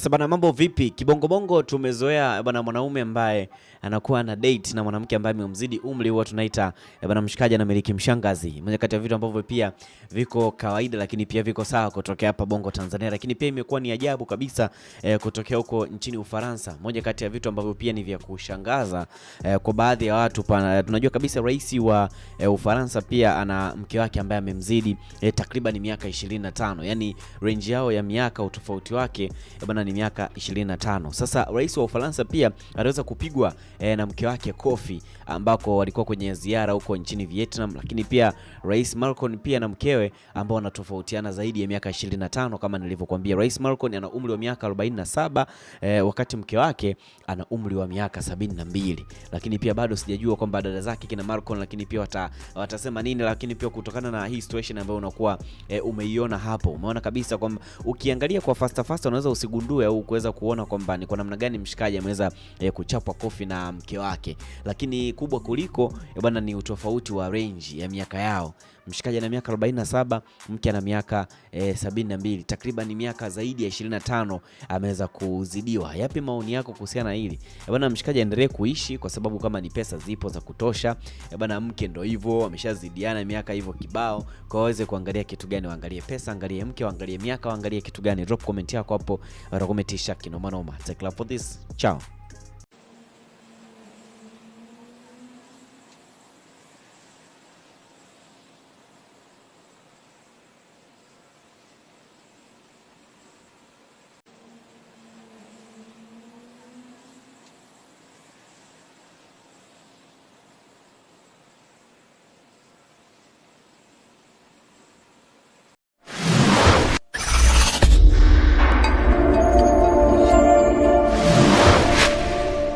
Sasa bana, mambo vipi? Kibongobongo tumezoea eh, bana, mwanaume ambaye anakuwa na date na mwanamke ambaye amemzidi umri huwa tunaita eh, bana, mshikaji na miliki mshangazi. Moja kati ya vitu ambavyo pia viko kawaida, lakini pia viko sawa kutokea hapa Bongo Tanzania, lakini pia imekuwa ni ajabu kabisa eh, kutokea huko nchini Ufaransa. Moja kati ya vitu ambavyo pia ni vya kushangaza eh, kwa baadhi ya watu pa, eh, tunajua kabisa rais wa eh, Ufaransa pia ana mke wake ambaye amemzidi eh, takriban miaka 25, yani range yao ya miaka utofauti wake eh, bana ni miaka 25. Sasa rais wa Ufaransa pia aliweza kupigwa e, na mke wake Kofi ambako walikuwa kwenye ziara huko nchini Vietnam, lakini pia rais Macron pia na mkewe ambao wanatofautiana zaidi ya miaka 25 kama nilivyokuambia. Rais Macron ana umri wa miaka 47 e, eh, wakati mke wake ana umri wa miaka 72, lakini pia bado sijajua kwamba dada zake kina Macron, lakini pia wata, watasema nini, lakini pia kutokana na hii situation ambayo unakuwa e, umeiona hapo, umeona kabisa kwamba ukiangalia kwa fast fast unaweza usigundue juu au kuweza kuona kwamba ni kwa namna gani mshikaji ameweza e, kuchapwa kofi na mke wake, lakini kubwa kuliko eh, bwana ni utofauti wa range ya miaka yao mshikaji ana miaka 47, mke ana miaka e, eh, 72, takriban miaka zaidi ya 25 ameweza kuzidiwa. Yapi maoni yako kuhusiana na hili? Eh, bwana mshikaji aendelee kuishi kwa sababu kama ni pesa zipo za kutosha. Eh, bwana mke ndo hivyo ameshazidiana miaka hivyo kibao, kwa waweze kuangalia kitu gani, waangalie pesa, angalie mke, waangalie miaka, waangalie kitu gani. Drop comment yako hapo, utakomentisha kinomanoma. Take love for this. Ciao.